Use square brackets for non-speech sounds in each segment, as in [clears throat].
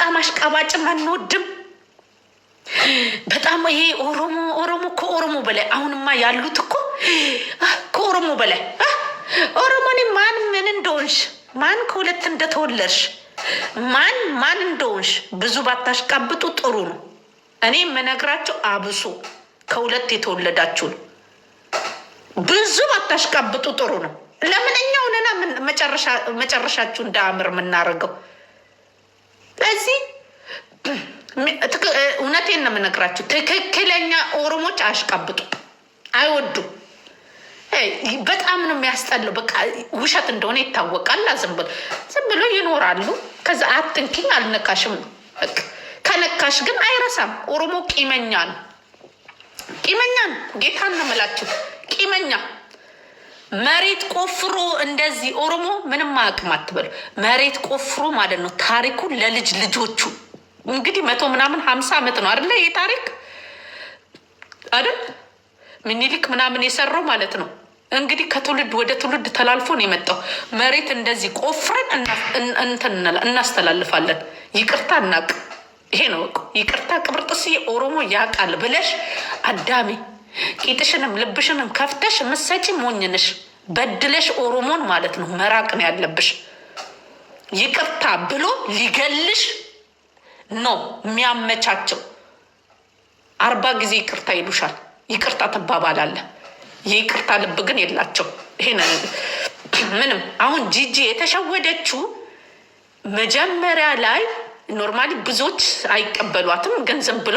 በጣም አሽቃባጭም አንወድም። በጣም ይሄ ኦሮሞ ኦሮሞ ከኦሮሞ በላይ አሁንማ ያሉት እኮ ከኦሮሞ በላይ ኦሮሞኒ ማን ምን እንደሆንሽ ማን ከሁለት እንደተወለድሽ ማን ማን እንደሆንሽ ብዙ ባታሽቃብጡ ጥሩ ነው። እኔ የምነግራቸው አብሶ ከሁለት የተወለዳችሁ ነው። ብዙ ባታሽቃብጡ ጥሩ ነው። ለምን እኛ ሆነና መጨረሻችሁ እንዳያምር የምናደርገው እዚህ እውነቴን ነው የምነግራቸው። ትክክለኛ ኦሮሞች አያሽቃብጡ፣ አይወዱም። በጣም ነው የሚያስጠላው። በቃ ውሸት እንደሆነ ይታወቃል። ዝም ብሎ ዝም ብሎ ይኖራሉ። ከዛ አትንኪኝ አልነካሽም ነው። ከነካሽ ግን አይረሳም። ኦሮሞ ቂመኛ ነው፣ ቂመኛ ነው። ጌታን ነው የምላችሁ ቂመኛ መሬት ቆፍሮ እንደዚህ ኦሮሞ ምንም አያውቅም አትበሉ። መሬት ቆፍሮ ማለት ነው ታሪኩ ለልጅ ልጆቹ እንግዲህ መቶ ምናምን ሀምሳ ዓመት ነው አይደለ? ይህ ታሪክ አይደል? ምኒልክ ምናምን የሰራው ማለት ነው። እንግዲህ ከትውልድ ወደ ትውልድ ተላልፎ ነው የመጣው። መሬት እንደዚህ ቆፍረን እናስተላልፋለን። ይቅርታ እናቅ ይሄ ነው ይቅርታ ቅብርጥስ ኦሮሞ ያውቃል ብለሽ አዳሜ ቂጥሽንም ልብሽንም ከፍተሽ ምሰጪ ሞኝንሽ በድለሽ ኦሮሞን ማለት ነው መራቅ ነው ያለብሽ። ይቅርታ ብሎ ሊገልሽ ነው የሚያመቻቸው። አርባ ጊዜ ይቅርታ ይሉሻል። ይቅርታ ትባባላለህ። የይቅርታ ልብ ግን የላቸው። ይሄ ምንም አሁን ጂጂ የተሸወደችው መጀመሪያ ላይ ኖርማሊ ብዙዎች አይቀበሏትም፣ ግን ዝም ብሎ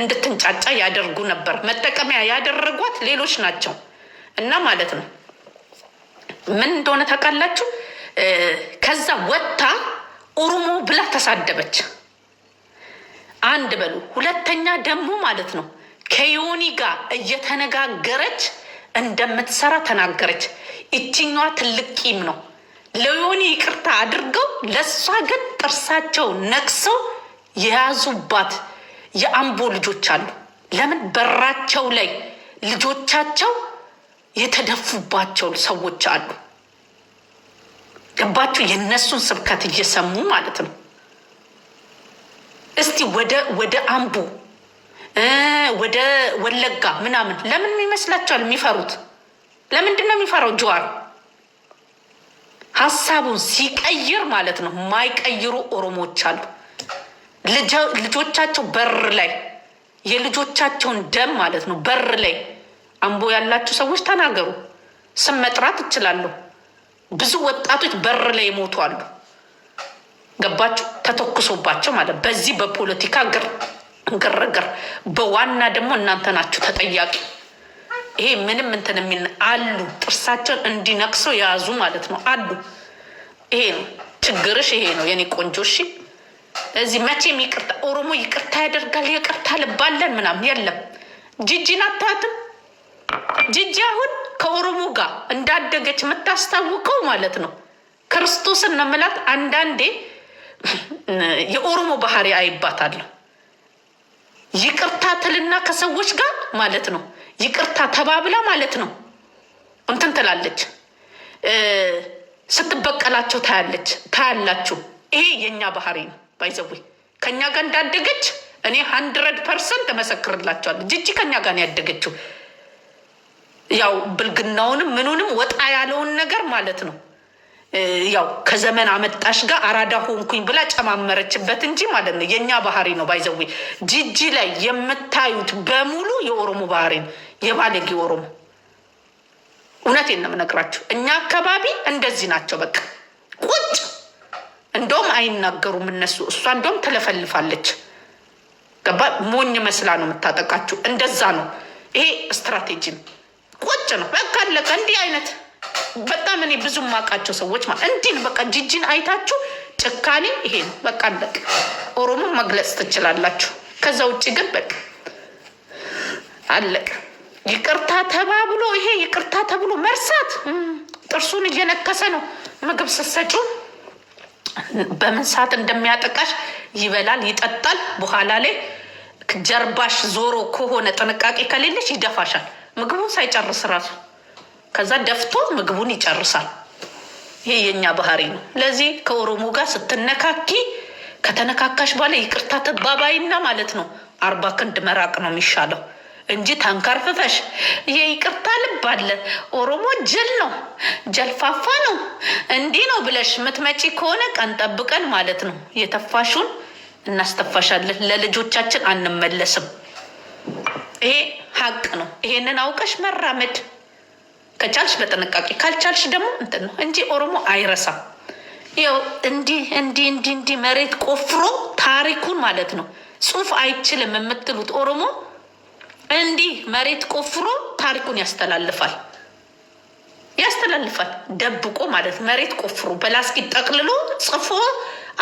እንድትንጫጫ ያደርጉ ነበር። መጠቀሚያ ያደረጓት ሌሎች ናቸው እና ማለት ነው ምን እንደሆነ ታውቃላችሁ? ከዛ ወጥታ ኦሮሞ ብላ ተሳደበች። አንድ በሉ። ሁለተኛ ደግሞ ማለት ነው ከዮኒ ጋር እየተነጋገረች እንደምትሰራ ተናገረች። ይችኛዋ ትልቅ ቂም ነው። ለዮኒ ይቅርታ አድርገው ለእሷ ግን ጥርሳቸው ነቅሰው የያዙባት የአምቦ ልጆች አሉ። ለምን በራቸው ላይ ልጆቻቸው የተደፉባቸው ሰዎች አሉ። ገባችሁ? የእነሱን ስብከት እየሰሙ ማለት ነው። እስቲ ወደ አምቦ ወደ ወለጋ ምናምን ለምን ይመስላችኋል የሚፈሩት? ለምንድን ነው የሚፈራው? ጀዋር ሀሳቡን ሲቀይር ማለት ነው። ማይቀይሩ ኦሮሞዎች አሉ። ልጆቻቸው በር ላይ የልጆቻቸውን ደም ማለት ነው በር ላይ አምቦ ያላችሁ ሰዎች ተናገሩ። ስም መጥራት እችላለሁ። ብዙ ወጣቶች በር ላይ ይሞቱ አሉ። ገባችሁ? ተተኩሶባቸው ማለት በዚህ በፖለቲካ ግርግር በዋና ደግሞ እናንተ ናችሁ ተጠያቂ። ይሄ ምንም እንትን የሚል አሉ ጥርሳቸውን እንዲነክሰው የያዙ ማለት ነው አሉ። ይሄ ነው ችግርሽ፣ ይሄ ነው የኔ ቆንጆ። እሺ እዚህ መቼም ይቅርታ ኦሮሞ ይቅርታ ያደርጋል ይቅርታ ልባለን ምናምን የለም። ጅጅን አታትም። ጅጅ አሁን ከኦሮሞ ጋር እንዳደገች የምታስታውቀው ማለት ነው። ክርስቶስ እነምላት አንዳንዴ የኦሮሞ ባህሪ አይባታለሁ። ይቅርታ ትልና ከሰዎች ጋር ማለት ነው ይቅርታ ተባብላ ማለት ነው እንትን ትላለች፣ ስትበቀላቸው ታያለች ታያላችሁ። ይሄ የእኛ ባህሪ ነው። ባይዘዌ ከእኛ ጋር እንዳደገች እኔ ሀንድረድ ፐርሰንት እመሰክርላቸዋለሁ። ጅጂ ከእኛ ጋር ነው ያደገችው። ያው ብልግናውንም ምኑንም ወጣ ያለውን ነገር ማለት ነው። ያው ከዘመን አመጣሽ ጋር አራዳ ሆንኩኝ ብላ ጨማመረችበት እንጂ ማለት ነው የእኛ ባህሪ ነው። ባይዘዌ ጅጂ ላይ የምታዩት በሙሉ የኦሮሞ ባህሪ ነው፣ የባለጌ ኦሮሞ። እውነቴን ነው የምነግራችሁ። እኛ አካባቢ እንደዚህ ናቸው። በቃ ቁጭ እንደውም አይናገሩም እነሱ። እሷ እንደውም ትለፈልፋለች። ገባ ሞኝ መስላ ነው የምታጠቃችሁ። እንደዛ ነው። ይሄ ስትራቴጂ ነው። ቁጭ ነው በቃ አለቀ። እንዲህ አይነት በጣም እኔ ብዙ ማውቃቸው ሰዎች ማለት እንዲህ በቃ ጅጅን አይታችሁ ጭካኔ ይሄ ነው በቃ አለቀ። ኦሮሞ መግለጽ ትችላላችሁ። ከዛ ውጭ ግን በቃ አለቀ። ይቅርታ ተባብሎ ይሄ ይቅርታ ተብሎ መርሳት ጥርሱን እየነከሰ ነው ምግብ ስትሰጪው በምን ሰዓት እንደሚያጠቃሽ ይበላል፣ ይጠጣል። በኋላ ላይ ጀርባሽ ዞሮ ከሆነ ጥንቃቄ ከሌለሽ ይደፋሻል። ምግቡን ሳይጨርስ ራሱ ከዛ ደፍቶ ምግቡን ይጨርሳል። ይህ የእኛ ባህሪ ነው። ለዚህ ከኦሮሞ ጋር ስትነካኪ ከተነካካሽ በኋላ ይቅርታ ተባባይና ማለት ነው አርባ ክንድ መራቅ ነው የሚሻለው። እንጂ ታንከርፍፈሽ የይቅርታ ልብ አለ። ኦሮሞ ጅል ነው፣ ጀልፋፋ ነው። እንዲህ ነው ብለሽ ምትመጪ ከሆነ ቀን ጠብቀን ማለት ነው የተፋሹን እናስተፋሻለን። ለልጆቻችን አንመለስም። ይሄ ሀቅ ነው። ይሄንን አውቀሽ መራመድ ከቻልሽ በጥንቃቄ ካልቻልሽ ደግሞ እንትን ነው እንጂ ኦሮሞ አይረሳም። ያው እንዲህ እንዲህ እንዲህ እንዲህ መሬት ቆፍሮ ታሪኩን ማለት ነው ጽሁፍ አይችልም የምትሉት ኦሮሞ እንዲህ መሬት ቆፍሮ ታሪኩን ያስተላልፋል ያስተላልፋል ደብቆ ማለት መሬት ቆፍሮ በላስኪ ጠቅልሎ ጽፎ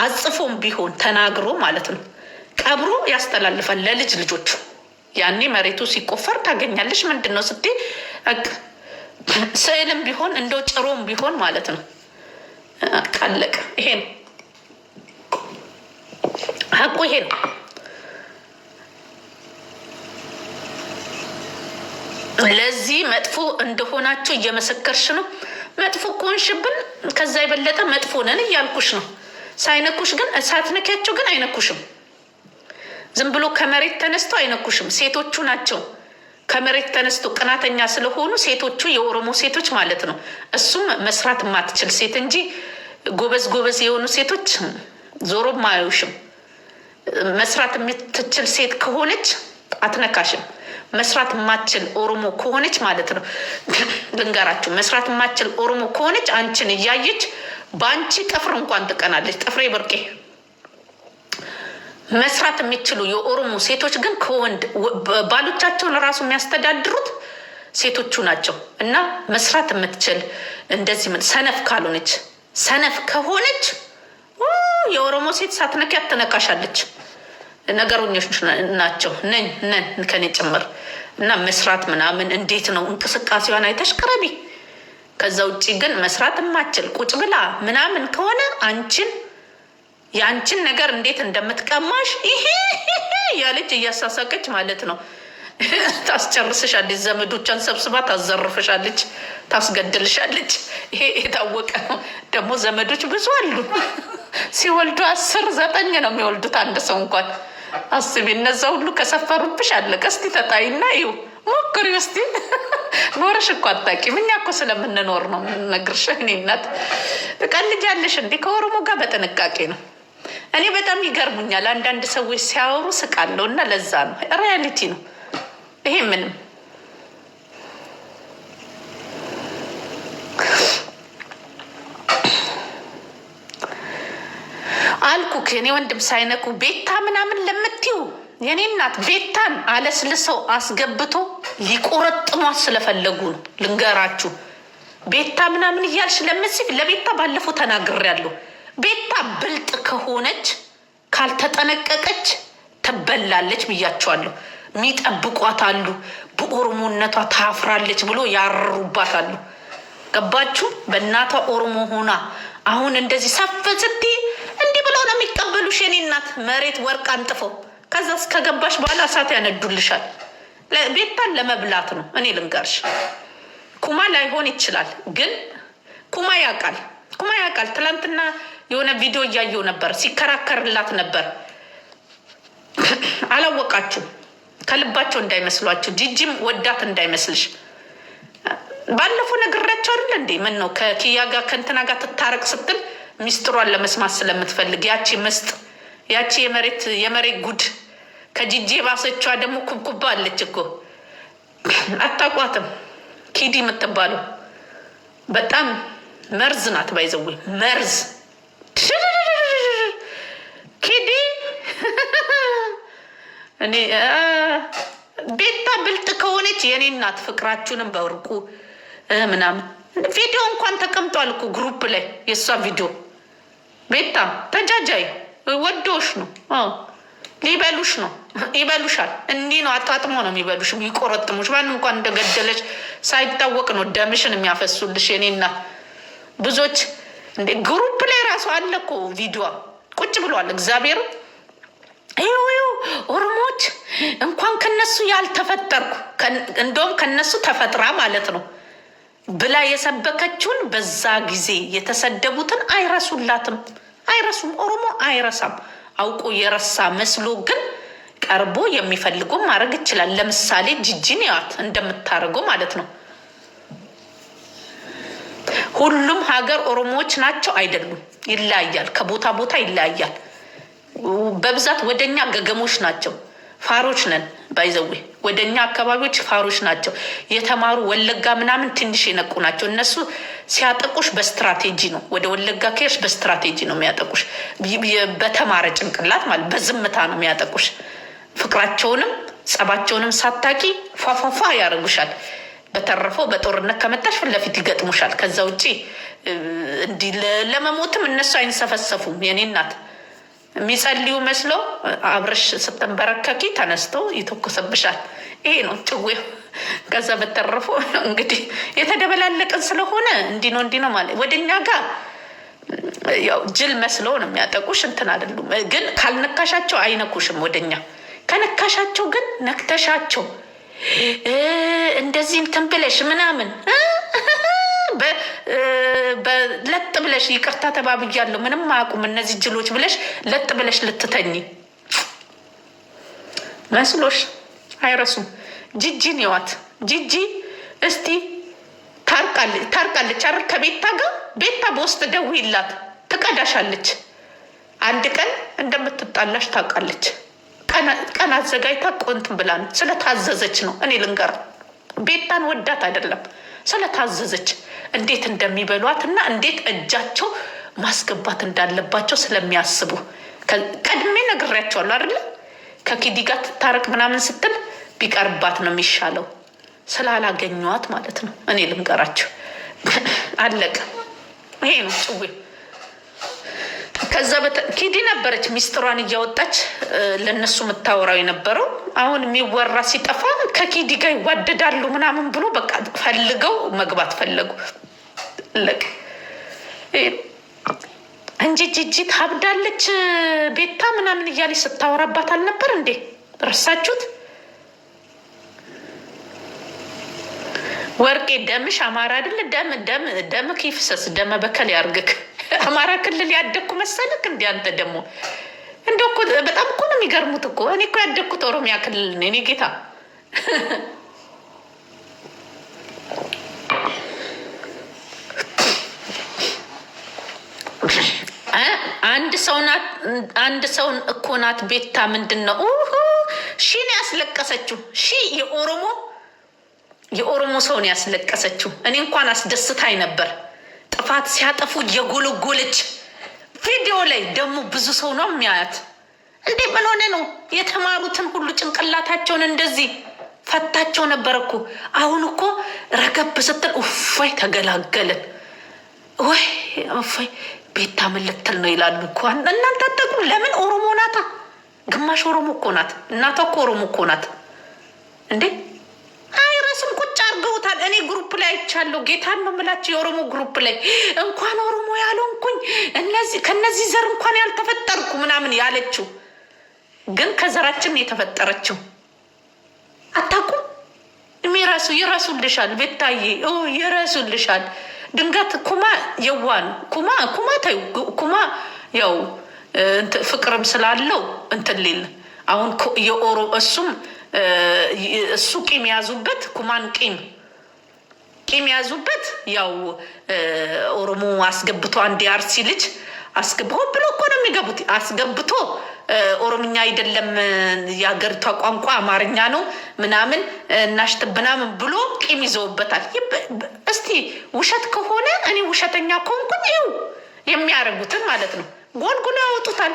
አጽፎም ቢሆን ተናግሮ ማለት ነው። ቀብሮ ያስተላልፋል ለልጅ ልጆቹ። ያኔ መሬቱ ሲቆፈር ታገኛለሽ። ምንድን ነው ስትይ ስዕልም ቢሆን እንደው ጭሮም ቢሆን ማለት ነው። ካለቀ ይሄ ነው ሀቁ፣ ይሄ ነው። ለዚህ መጥፎ እንደሆናቸው እየመሰከርሽ ነው። መጥፎ ከሆንሽብን ከዛ የበለጠ መጥፎ ነን እያልኩሽ ነው። ሳይነኩሽ ግን ሳትነኪያቸው ግን አይነኩሽም። ዝም ብሎ ከመሬት ተነስቶ አይነኩሽም። ሴቶቹ ናቸው ከመሬት ተነስቶ ቅናተኛ ስለሆኑ ሴቶቹ፣ የኦሮሞ ሴቶች ማለት ነው። እሱም መስራት የማትችል ሴት እንጂ ጎበዝ ጎበዝ የሆኑ ሴቶች ዞሮም አያዩሽም። መስራት የምትችል ሴት ከሆነች አትነካሽም። መስራት የማትችል ኦሮሞ ከሆነች ማለት ነው ልንገራችሁ፣ መስራት ማችል ኦሮሞ ከሆነች አንቺን እያየች በአንቺ ጥፍር እንኳን ትቀናለች። ጥፍሬ ብርቄ። መስራት የሚችሉ የኦሮሞ ሴቶች ግን ከወንድ ባሎቻቸውን ራሱ የሚያስተዳድሩት ሴቶቹ ናቸው። እና መስራት የምትችል እንደዚህ ሰነፍ ካልሆነች ሰነፍ ከሆነች የኦሮሞ ሴት ሳትነካ ትነካሻለች። ነገሮኞች ናቸው ነኝ ነን ከኔ ጭምር እና መስራት ምናምን እንዴት ነው እንቅስቃሴዋን አይተሽ ቅረቢ። ከዛ ውጭ ግን መስራት የማችል ቁጭ ብላ ምናምን ከሆነ አንቺን የአንቺን ነገር እንዴት እንደምትቀማሽ ይሄ [laughs] ያለች እያሳሳቀች ማለት ነው [laughs] ታስጨርስሻለች። ዘመዶቿን ሰብስባ ታዘርፍሻለች፣ ታስገድልሻለች። ይሄ የታወቀ ነው። ደግሞ ዘመዶች ብዙ አሉ። ሲወልዱ አስር ዘጠኝ ነው የሚወልዱት አንድ ሰው እንኳን አስቤ እነዛ ሁሉ ከሰፈሩብሽ አለቀ። እስቲ ተጣይና ይው ሞክሪ እስቲ ኖረሽ [laughs] እኮ አታውቂም። እኛ እኮ ስለምንኖር ነው የምንነግርሽ። እኔ እናት ትቀልጃለሽ እንዴ? ከኦሮሞ ጋር በጥንቃቄ ነው። እኔ በጣም ይገርሙኛል አንዳንድ ሰዎች ሲያወሩ ስቃለው፣ እና ለዛ ነው ሪያሊቲ ነው ይሄ ምንም አትንኩ የኔ ወንድም ሳይነኩ ቤታ ምናምን ለምትዩ የኔ እናት ቤታን አለስልሰው አስገብቶ ሊቆረጥሟት ስለፈለጉ ነው። ልንገራችሁ ቤታ ምናምን እያልሽ ለምትስል ለቤታ ባለፈው ተናግሬያለሁ። ቤታ ብልጥ ከሆነች ካልተጠነቀቀች ትበላለች ብያቸዋለሁ። ሚጠብቋት አሉ። በኦሮሞነቷ ታፍራለች ብሎ ያርሩባት አሉ። ገባችሁ? በእናቷ ኦሮሞ ሆና አሁን እንደዚህ ሰፍ ስትይ አይደሉም የኔ እናት መሬት ወርቅ አንጥፎ ከዛ እስከገባሽ በኋላ እሳት ያነዱልሻል። ቤታን ለመብላት ነው። እኔ ልንገርሽ ኩማ ላይሆን ይችላል፣ ግን ኩማ ያውቃል። ኩማ ያውቃል። ትናንትና የሆነ ቪዲዮ እያየው ነበር፣ ሲከራከርላት ነበር። [clears throat] አላወቃችሁ ከልባቸው እንዳይመስሏችሁ፣ ጂጂም ወዳት እንዳይመስልሽ። ባለፈው ነግራቸው አይደል እንዴ? ምን ነው ከኪያ ጋር ከእንትና ጋር ትታረቅ ስትል ሚስጥሯን ለመስማት ስለምትፈልግ ያቺ ምስጥ ያቺ የመሬት የመሬት ጉድ ከጅጅ የባሰቿ ደግሞ ኩብኩባ አለች እኮ አታቋትም። ኪዲ የምትባለው በጣም መርዝ ናት። ባይዘዊ መርዝ ኪዲ። [laughs] እኔ ቤታ ብልጥ ከሆነች የኔ እናት ፍቅራችሁንም በእርቁ ምናምን ቪዲዮ እንኳን ተቀምጧል እኮ ግሩፕ ላይ የእሷ ቪዲዮ ቤታ ተጃጃይ ወዶሽ ነው። ሊበሉሽ ነው። ይበሉሻል። እንዲህ ነው አጣጥሞ ነው የሚበሉሽ የሚቆረጥሙሽ። ማንም እንኳን እንደገደለች ሳይታወቅ ነው ደምሽን የሚያፈሱልሽ። የኔና ብዙዎች እንደ ግሩፕ ላይ ራሱ አለ እኮ ቪዲዮ ቁጭ ብሏል። እግዚአብሔር ይኸው ኦሮሞዎች እንኳን ከነሱ ያልተፈጠርኩ እንደውም ከነሱ ተፈጥራ ማለት ነው ብላ የሰበከችውን በዛ ጊዜ የተሰደቡትን አይረሱላትም፣ አይረሱም። ኦሮሞ አይረሳም። አውቆ የረሳ መስሎ ግን ቀርቦ የሚፈልጉ ማድረግ ይችላል። ለምሳሌ ጅጅን ያዋት እንደምታደርገው ማለት ነው። ሁሉም ሀገር ኦሮሞዎች ናቸው አይደሉም፣ ይለያያል። ከቦታ ቦታ ይለያያል። በብዛት ወደኛ ገገሞች ናቸው፣ ፋሮች ነን ባይዘዌ ወደ እኛ አካባቢዎች ፋሮች ናቸው የተማሩ ወለጋ ምናምን ትንሽ የነቁ ናቸው። እነሱ ሲያጠቁሽ በስትራቴጂ ነው። ወደ ወለጋ ከሄድሽ በስትራቴጂ ነው የሚያጠቁሽ። በተማረ ጭንቅላት ማለት በዝምታ ነው የሚያጠቁሽ። ፍቅራቸውንም ጸባቸውንም ሳታቂ ፏፏፏ ያደርጉሻል። በተረፈው በጦርነት ከመጣሽ ፊት ለፊት ይገጥሙሻል። ከዛ ውጭ እንዲህ ለመሞትም እነሱ አይንሰፈሰፉም። የኔ እናት የሚጸልዩ መስሎ አብረሽ ስትንበረከኪ ተነስቶ ይተኩስብሻል። ይሄ ነው ጭዌ ከዛ በተረፉ እንግዲህ የተደበላለቅን ስለሆነ እንዲህ ነው እንዲህ ነው ማለት ወደኛ ጋር ያው ጅል መስሎ ነው የሚያጠቁሽ። እንትን አይደሉም ግን ካልነካሻቸው አይነኩሽም። ወደኛ ከነካሻቸው ግን ነክተሻቸው እንደዚህ እንትን ብለሽ ምናምን ለጥ ብለሽ ይቅርታ ተባብያለሁ፣ ምንም አቁም እነዚህ ጅሎች ብለሽ ለጥ ብለሽ ልትተኝ መስሎሽ አይረሱም። ጅጂ ይዋት ጅጂ እስቲ ታርቃለች አይደል? ከቤታ ጋር ቤታ በውስጥ ደውይላት ትቀዳሻለች። አንድ ቀን እንደምትጣላሽ ታውቃለች። ቀን አዘጋጅታ ቆንትን ብላ ነው። ስለታዘዘች ነው። እኔ ልንገር፣ ቤታን ወዳት አይደለም፣ ስለታዘዘች እንዴት እንደሚበሏት እና እንዴት እጃቸው ማስገባት እንዳለባቸው ስለሚያስቡ ቀድሜ ነግሬያቸዋለሁ አይደለ? ከኪዲ ጋር ትታረቅ ምናምን ስትል ቢቀርባት ነው የሚሻለው። ስላላገኘዋት ማለት ነው። እኔ ልንገራቸው አለቀ። ይሄ ነው ጭዌ። ከዛ ኪዲ ነበረች ሚስጥሯን እያወጣች ለእነሱ የምታወራው የነበረው። አሁን የሚወራ ሲጠፋ ከኬዲ ጋር ይዋደዳሉ ምናምን ብሎ በቃ ፈልገው መግባት ፈለጉ እንጂ ጂጂ ታብዳለች ቤታ ምናምን እያለች ስታወራባት አልነበር እንዴ? ረሳችሁት? ወርቄ ደምሽ አማራ አይደለ? ደም ደም ደም ይፍሰስ፣ ደመ በከል ያርግክ። አማራ ክልል ያደግኩ መሰልክ? እንዲ አንተ ደግሞ እንደ በጣም እኮ ነው የሚገርሙት እኮ እኔ እኮ ያደግኩት ኦሮሚያ ክልል እኔ ጌታ አንድ ሰው ናት፣ አንድ ሰው እኮ ናት። ቤታ ምንድን ነው ሺን ያስለቀሰችው? ሺ የኦሮሞ የኦሮሞ ሰውን ያስለቀሰችው። እኔ እንኳን አስደስታኝ ነበር። ጥፋት ሲያጠፉ የጎለጎለች ቪዲዮ ላይ ደግሞ ብዙ ሰው ነው የሚያያት። እንዴ ምን ሆነ ነው የተማሩትን ሁሉ ጭንቅላታቸውን እንደዚህ ፈታቸው ነበር እኮ። አሁን እኮ ረገብ ስትል እፎይ ተገላገልን ወይ እፎይ ቤታ ምልትል ነው ይላሉ እኮ እናንተ አጠቁ። ለምን ኦሮሞ ናታ፣ ግማሽ ኦሮሞ እኮ ናት እናቷ እኮ ኦሮሞ እኮ ናት እንዴ። አይረሱም ቁጭ አርገውታል። እኔ ግሩፕ ላይ አይቻለሁ። ጌታን ነው የምላቸው የኦሮሞ ግሩፕ ላይ እንኳን ኦሮሞ ያልሆንኩኝ ከነዚህ ዘር እንኳን ያልተፈጠርኩ ምናምን ያለችው ግን ከዘራችን የተፈጠረችው አታውቁም። የሚረሱ ይረሱልሻል፣ ቤታዬ ይረሱልሻል። ድንገት ኩማ የዋን ኩማ ኩማ ተይው ኩማ ያው ፍቅርም ስላለው እንትን ሌለ አሁን የኦሮ እሱም እሱ ቂም ያዙበት ኩማን ቂም ቂም ያዙበት ያው ኦሮሞ አስገብቶ አንድ የአርሲ ልጅ አስገብቶ ብሎ እኮ ነው የሚገቡት አስገብቶ ኦሮምኛ አይደለም የሀገሪቷ ቋንቋ አማርኛ ነው ምናምን እናሽት ምናምን ብሎ ቂም ይዘውበታል። እስቲ ውሸት ከሆነ እኔ ውሸተኛ ከሆንኩኝ ይኸው የሚያደርጉትን ማለት ነው ጎልጉሎ ያወጡታል።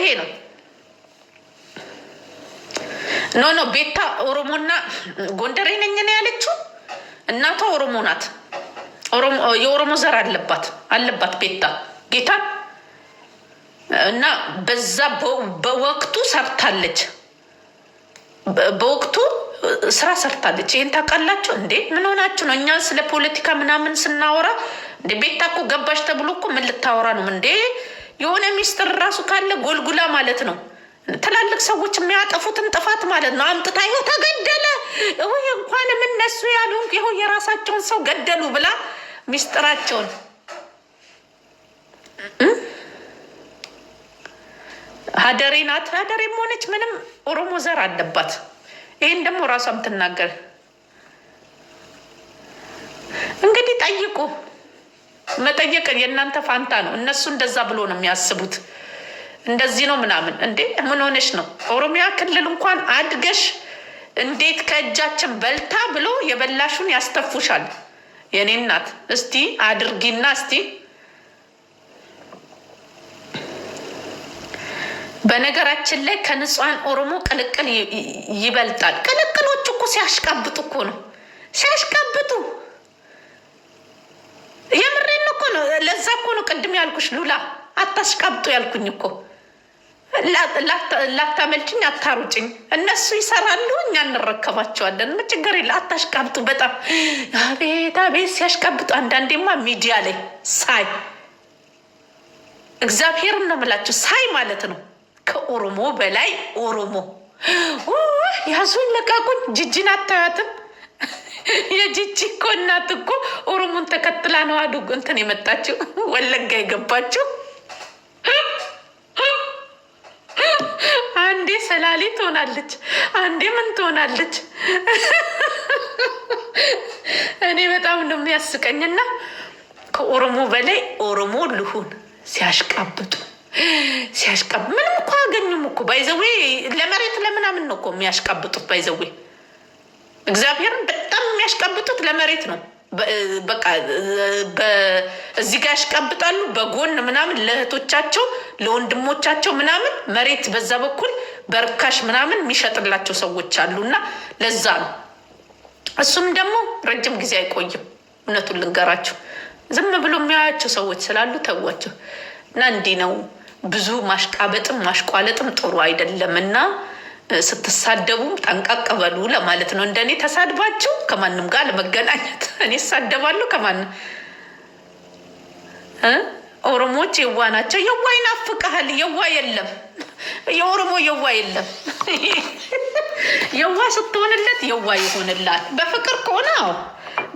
ይሄ ነው ኖ ኖ ቤታ ኦሮሞና ጎንደሬ ነኝ ያለችው። እናቷ ኦሮሞ ናት። የኦሮሞ ዘር አለባት አለባት ቤታ ጌታ እና በዛ በወቅቱ ሰርታለች፣ በወቅቱ ስራ ሰርታለች። ይህን ታውቃላችሁ እንዴ? ምን ሆናችሁ ነው? እኛ ስለ ፖለቲካ ምናምን ስናወራ እንደ ቤታ እኮ ገባሽ ተብሎ እኮ ምን ልታወራ ነው እንዴ? የሆነ ሚስጥር ራሱ ካለ ጎልጉላ ማለት ነው። ትላልቅ ሰዎች የሚያጠፉትን ጥፋት ማለት ነው አምጥታ ይኸው ተገደለ፣ ይኸው እንኳንም እነሱ ያሉ ይኸው የራሳቸውን ሰው ገደሉ ብላ ሚስጥራቸውን ሀደሬ ናት። ሀደሬ ሆነች ምንም ኦሮሞ ዘር አለባት። ይህን ደግሞ ራሷ ትናገር። እንግዲህ ጠይቁ። መጠየቅ የእናንተ ፋንታ ነው። እነሱ እንደዛ ብሎ ነው የሚያስቡት። እንደዚህ ነው ምናምን። እንዴ ምን ሆነች ነው? ኦሮሚያ ክልል እንኳን አድገሽ እንዴት ከእጃችን በልታ ብሎ የበላሹን ያስተፉሻል። የኔ እናት እስቲ አድርጊና እስቲ በነገራችን ላይ ከንጹሐን ኦሮሞ ቅልቅል ይበልጣል። ቅልቅሎች እኮ ሲያሽቃብጡ እኮ ነው ሲያሽቃብጡ። የምሬን እኮ ነው። ለዛ እኮ ነው ቅድም ያልኩሽ ሉላ አታሽቃብጡ ያልኩኝ እኮ ላታመልጭኝ አታሩጭኝ። እነሱ ይሰራሉ፣ እኛ እንረከባቸዋለን። ችግር የለ። አታሽቃብጡ። በጣም አቤት አቤት ሲያሽቃብጡ። አንዳንዴማ ሚዲያ ላይ ሳይ እግዚአብሔር ነው ሳይ ማለት ነው። ከኦሮሞ በላይ ኦሮሞ ያሱን ለቃቁን። ጅጅን አታያትም? የጅጅ እኮ እናት እኮ ኦሮሞን ተከትላ ነው አዱ እንትን የመጣችው ወለጋ የገባችው። አንዴ ሰላሌ ትሆናለች፣ አንዴ ምን ትሆናለች። እኔ በጣም ነው የሚያስቀኝና ከኦሮሞ በላይ ኦሮሞ ልሁን ሲያሽቃብጡ ሲያሽቀብ ምንም እኮ አያገኙም እኮ ባይዘዌ ለመሬት ለምናምን ነው እኮ የሚያሽቀብጡት። ባይዘዌ እግዚአብሔርን በጣም የሚያሽቀብጡት ለመሬት ነው። በቃ እዚህ ጋር ያሽቀብጣሉ፣ በጎን ምናምን ለእህቶቻቸው ለወንድሞቻቸው ምናምን መሬት በዛ በኩል በርካሽ ምናምን የሚሸጥላቸው ሰዎች አሉ። እና ለዛ ነው እሱም ደግሞ ረጅም ጊዜ አይቆይም። እውነቱን ልንገራቸው ዝም ብሎ የሚያያቸው ሰዎች ስላሉ ተዋቸው እና እንዲህ ነው። ብዙ ማሽቃበጥም ማሽቋለጥም ጥሩ አይደለም እና ስትሳደቡም ጠንቀቅ በሉ ለማለት ነው። እንደኔ ተሳድባችሁ ከማንም ጋር ለመገናኘት [laughs] እኔ እሳደባለሁ ከማን ኦሮሞዎች የዋ ናቸው። የዋ ይናፍቀሃል። የዋ የለም፣ የኦሮሞ የዋ የለም። [laughs] የዋ ስትሆንለት የዋ ይሆንላል። በፍቅር ከሆነ አዎ፣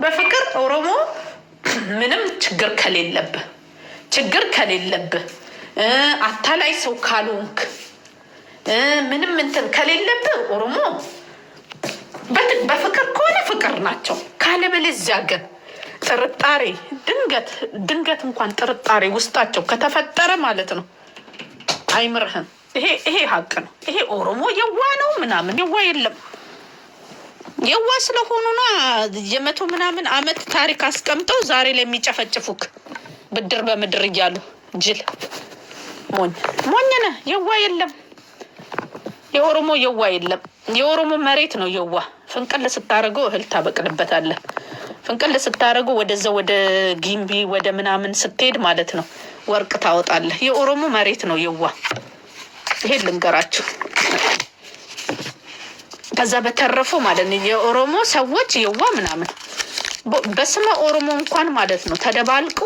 በፍቅር ኦሮሞ [clears throat] ምንም ችግር ከሌለብህ ችግር ከሌለብህ አታላይ ሰው ካልሆንክ ምንም እንትን ከሌለብህ ኦሮሞ በፍቅር ከሆነ ፍቅር ናቸው። ካለበለዚያ ግን ጥርጣሬ ድንገት ድንገት እንኳን ጥርጣሬ ውስጣቸው ከተፈጠረ ማለት ነው አይምርህም። ይሄ ይሄ ሀቅ ነው። ይሄ ኦሮሞ የዋ ነው ምናምን የዋ የለም የዋ ስለሆኑና የመቶ ምናምን አመት ታሪክ አስቀምጠው ዛሬ ለሚጨፈጭፉክ ብድር በምድር እያሉ ጅል ሞኝ ሞኝ ነ የዋ የለም፣ የኦሮሞ የዋ የለም። የኦሮሞ መሬት ነው የዋ። ፍንቅል ስታደርገው እህል ታበቅልበታለህ። ፍንቅል ስታደርገው ወደዛ ወደ ጊምቢ ወደ ምናምን ስትሄድ ማለት ነው ወርቅ ታወጣለህ። የኦሮሞ መሬት ነው የዋ። ይሄን ልንገራችሁ። ከዛ በተረፉ ማለት ነው የኦሮሞ ሰዎች የዋ ምናምን በስመ ኦሮሞ እንኳን ማለት ነው ተደባልቁ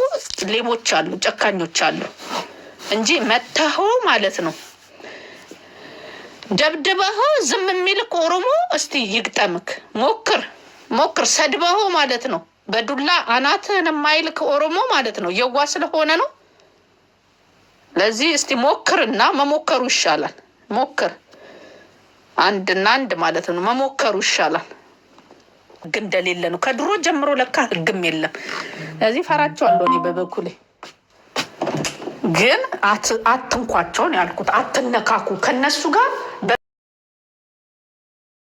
ሌቦች አሉ፣ ጨካኞች አሉ። እንጂ መታኸው ማለት ነው። ደብድበኸው ዝም የሚልክ ኦሮሞ እስቲ ይግጠምክ፣ ሞክር ሞክር። ሰድበኸው ማለት ነው። በዱላ አናትህን የማይልክ ኦሮሞ ማለት ነው። የዋ ስለሆነ ነው። ለዚህ እስቲ ሞክርና መሞከሩ ይሻላል። ሞክር አንድና አንድ ማለት ነው። መሞከሩ ይሻላል። ህግ እንደሌለ ነው። ከድሮ ጀምሮ ለካ ህግም የለም። ለዚህ ፈራቸዋለሁ እኔ በበኩሌ። ግን አትንኳቸውን ያልኩት አትነካኩ ከነሱ ጋር